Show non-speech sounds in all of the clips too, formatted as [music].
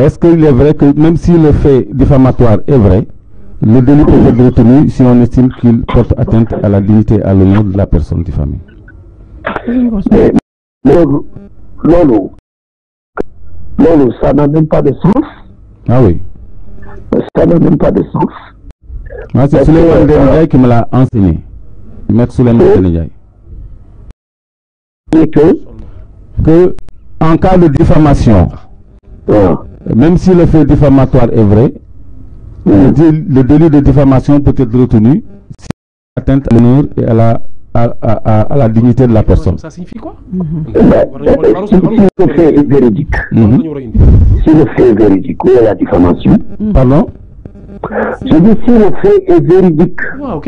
Est-ce qu'il est vrai que même si le fait diffamatoire est vrai, le délit peut être retenu si on estime qu'il porte atteinte à la dignité à l'honneur de la personne diffamée Lolo, Lolo, ça n'a même pas de sens. Ah oui. Ça n'a même pas de sens. Ah, c'est Suleiman euh, Ndiaye qui me l'a enseigné. Maître Suleiman Ndiaye. que, que en cas de diffamation, ah même si le fait diffamatoire est vrai, le délit de diffamation peut être retenu mm. si atteinte à l'honneur et à la, dignité de la personne. Ça signifie quoi mm-hmm. Si le fait est véridique, si le fait est véridique, où est la diffamation mm-hmm. Pardon Je dis si le fait est véridique, wow,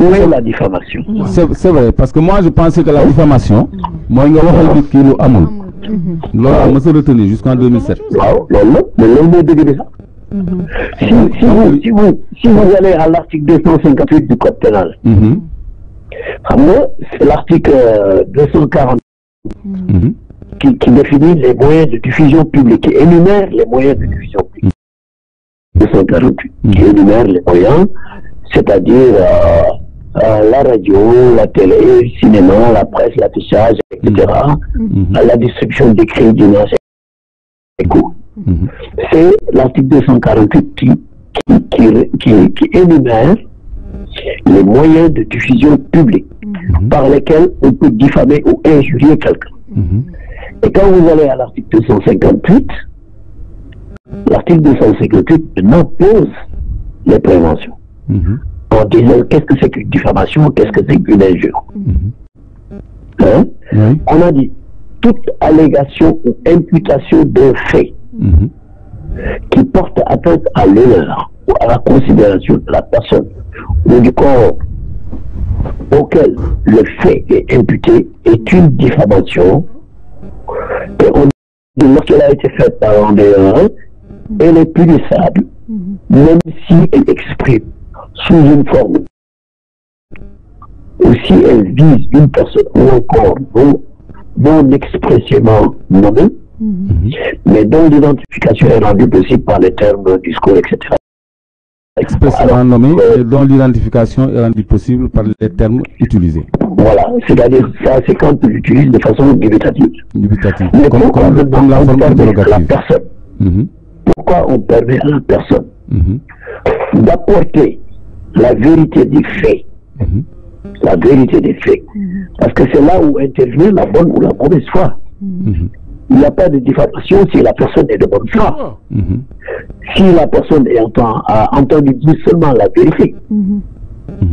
où est la diffamation C'est vrai, parce que moi je pensais que la diffamation, mm-hmm. moi, il y a qui Mm-hmm. loolu on commencé à retenir jusqu'en 2007. Mm-hmm. Ah si vous allez à l'article 258 du code pénal. Mm-hmm. c'est l'article 248 euh, qui définit les moyens de diffusion publique qui énumère les moyens de diffusion publique. 248 qui énumère les moyens c'est-à-dire. Euh, euh, la radio, la télé, le cinéma, la presse, l'affichage, etc., mhm. euh, la destruction des crédits du mmh. C'est l'article 248 qui, qui, qui, énumère les moyens de diffusion publique mhm. par lesquels on peut diffamer ou injurier quelqu'un. Mhm. Et quand vous allez à l'article 258, l'article 258 n'impose les préventions on dit qu'est-ce que c'est qu'une diffamation, qu'est-ce que c'est qu'une injure. Mm-hmm. Hein? On a dit toute allégation ou imputation d'un fait mm-hmm. qui porte atteinte à l'honneur ou à la considération de la personne ou du corps auquel le fait est imputé est une diffamation. Et on dit lorsqu'elle a été faite par un des elle est punissable, mm-hmm. même si elle exprime sous une forme. Ou si elle vise une personne ou encore non, non expressément nommée, mhm. mais dont l'identification est rendue possible par les termes discours, etc. Expressément nommée, et euh, dont l'identification est rendue possible par les termes utilisés. Voilà, c'est-à-dire ça, c'est quand on l'utilise de façon dubitative. mais comme, la La personne. Mhm. Pourquoi on permet à la personne mhm. d'apporter la vérité des faits. Mhm. La vérité des faits. Mhm. Parce que c'est là où intervient la bonne ou la mauvaise foi. Mhm. Il n'y a pas de diffamation si la personne est de bonne foi. Ah. Si la personne a entendu dire seulement la vérité.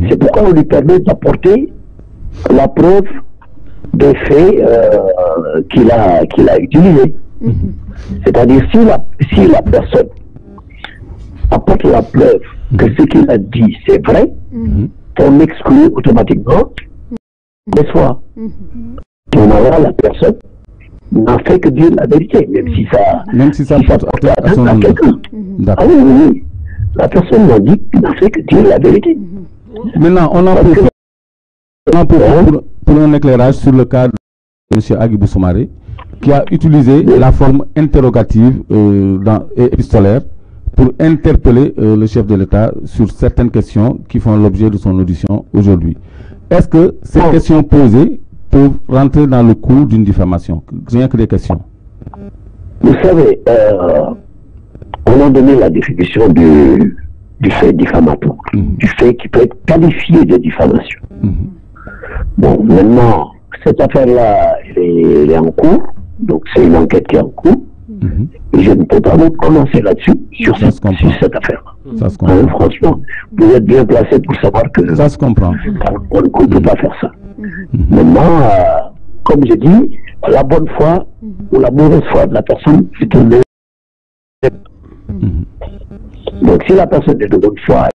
C'est pourquoi on lui permet d'apporter la preuve des faits euh, qu'il a, qu'il a utilisés. C'est-à-dire si la, si la personne apporte la preuve que ce qu'il a dit, c'est vrai, mhm. on exclut automatiquement des soi On aura la personne n'a fait que dire la vérité, même si ça, mhm. même si ça, porte à, à, quelqu'un. Mhm. Ah oui, oui, oui. La personne n'a dit n'a fait que dire la vérité. Maintenant, on en peut hein? pour, pour, un éclairage sur le cas de M. Agibou Somari, qui a utilisé la forme interrogative euh, et épistolaire pour interpeller euh, le chef de l'État sur certaines questions qui font l'objet de son audition aujourd'hui. Est-ce que ces questions posées peuvent rentrer dans le cours d'une diffamation Rien que des questions. Vous savez, euh, on a donné la définition du, fait diffamatoire, mhm. du fait qui peut être qualifié de diffamation. Mhm. Bon, maintenant, cette affaire-là, elle est en cours, donc c'est une enquête qui est en cours. Mhm. je ne peux pas vous prononcer là-dessus, sur, cette, affaire. franchement, vous êtes bien placé pour savoir que. Ça se comprend. On ne peut mhm. pas faire ça. Mhm. mais moi, euh, comme j'ai dit, la bonne foi ou la mauvaise foi de la personne, c'est une. Donc, si la personne est de bonne foi,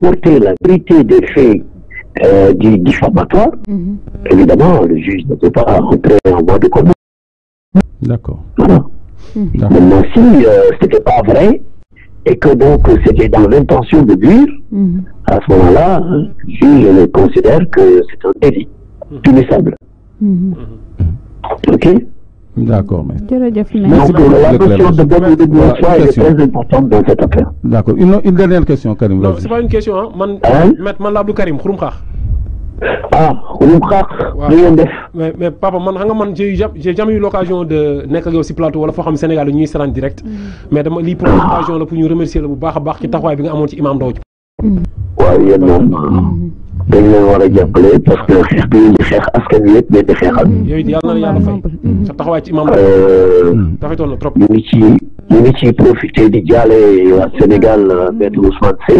porter la vérité des faits euh, du diffamatoire, évidemment, le juge ne peut pas rentrer en voie de commun D'accord. Voilà. Mmh. si euh, ce n'était pas vrai, et que donc c'était dans l'intention de dire, mhm. à ce moment-là, je, je considère que c'est un délit mhm. punissable. Mhm. Ok D'accord, mais. Donc, la question de bonne de est très importante dans cette affaire. D'accord. Une, dernière question, Karim. Non, ce n'est pas une question. Hein. Man, hein? Man, Karim, Khouroum ah lu mu waa waaw ngeen def. mais mais papa man xam nga man j'ai j'ai jamais eu l'occasion de nekk ak yow si plateau wala foo xam Sénégal ñuy saraan direct. Mm. mais dama lii pour la pour ñu remercier la bu baax a baax ci taxawaay bi nga amoon ci imam Ndao. waaw yéen moom mm. dañ leen war a jàppale parce que xeex bi ngeen di xeex askan wi mm. yooyu yàlla na yàlla fay. sa taxawaay ci imam Ndao. Euh, rafetoon na trop. ñu ngi ci ñu ngi ciy profité di jaale waa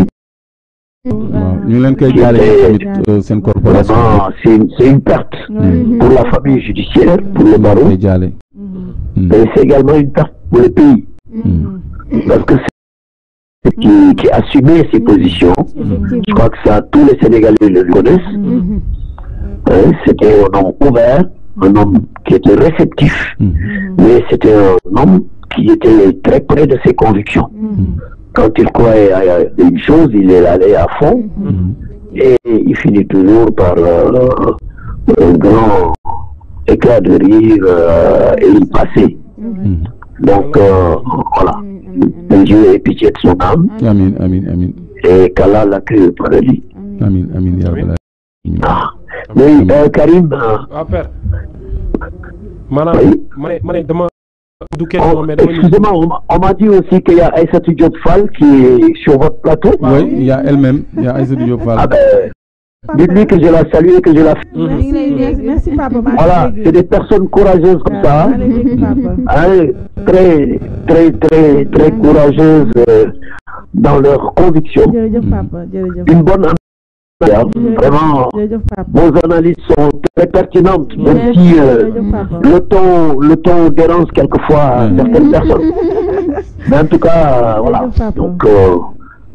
Euh, c'est une perte. Mm. Mm. pour la famille judiciaire mm. pour les barreau. mais c'est également une perte pour le pays. parce que c'est qui qui assumé ses positions. je crois que ça tous les Sénégalais le connaissent. Hein, c'était un homme ouvert un homme qui était réceptif. mais c'était un homme qui était très près de ses convictions. Quand il croit à une chose, il est allé à fond. Mhm. Et il finit toujours par euh, un grand éclat de rire euh, et il passait. Mhm. Donc, euh, voilà. Que Dieu ait pitié de son âme. Amen, amen, amen. Et qu'Allah l'accueille au paradis. Amen, amen, amen. Ah. Mais, euh, Karim. Euh, ah, père. maanaam Oh, excusez-moi, on m'a dit aussi qu'il y a Aïssatou Diop qui est sur votre plateau. Oui, il y a elle-même, il y a Aïssatou Diop Ah ben, dites que je la salue et que je la Merci, papa. Voilà, c'est des personnes courageuses comme ça. Hein. Hein, très, très, très, très courageuses euh, dans leurs convictions. Une bonne Hein. Vraiment, vos analyses sont très pertinentes, même si euh, le ton, le dérange quelquefois mm. certaines [laughs] personnes. Mais en tout cas, voilà. Donc, euh,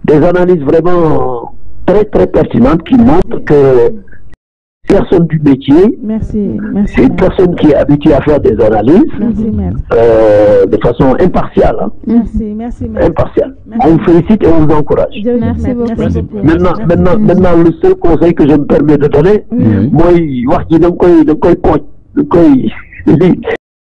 des analyses vraiment très, très pertinentes qui montrent que personne du métier. Merci, C'est une personne qui est habituée à faire des analyses euh, de façon impartiale. Hein. Merci, merci, merci. On vous félicite et on vous encourage. Merci, beaucoup. Maintenant, maintenant, maintenant, le seul conseil que je me permets de donner, moi, je [laughs]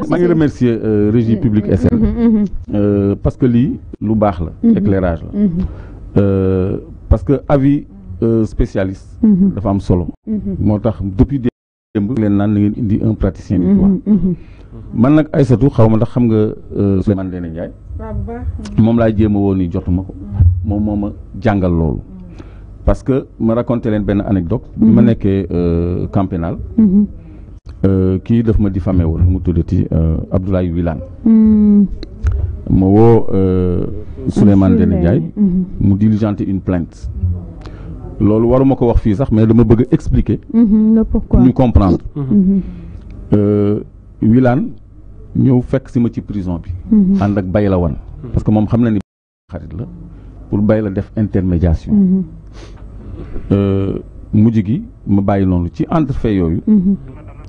Je remercie euh, régie mm-hmm. publique SN mm-hmm. mm-hmm. euh, parce que li, lu éclairage euh, parce que avis spécialiste de femme solo depuis des un praticien man suis un praticien. Je xam nga Je je parce que je raconté une anecdote je suis camp qui euh, daf ma diffamé mu euh, Abdoulaye Wilan, hmm. ma suis euh, Souleymane mhm. une plainte lolou wax mais dama bëgg expliquer mhm, comprendre mhm. Wilan ñeu fekk prison parce que mom xam na ni xarit pour bay intermédiation ma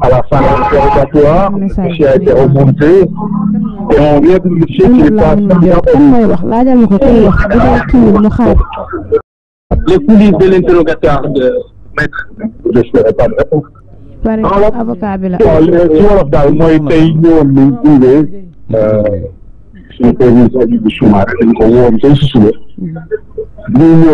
à la fin de l'interrogatoire, le a été remonté et on vient de me dire qu'il n'est pas Les coulisses de l'interrogatoire de maître, je ne serai pas de réponse. avocat bi la. li wolof daal mooy tey ñëwoon nañ tuubee euh, suñu président bi Soumaré dañ ko woon tey si suba. Mm-hmm.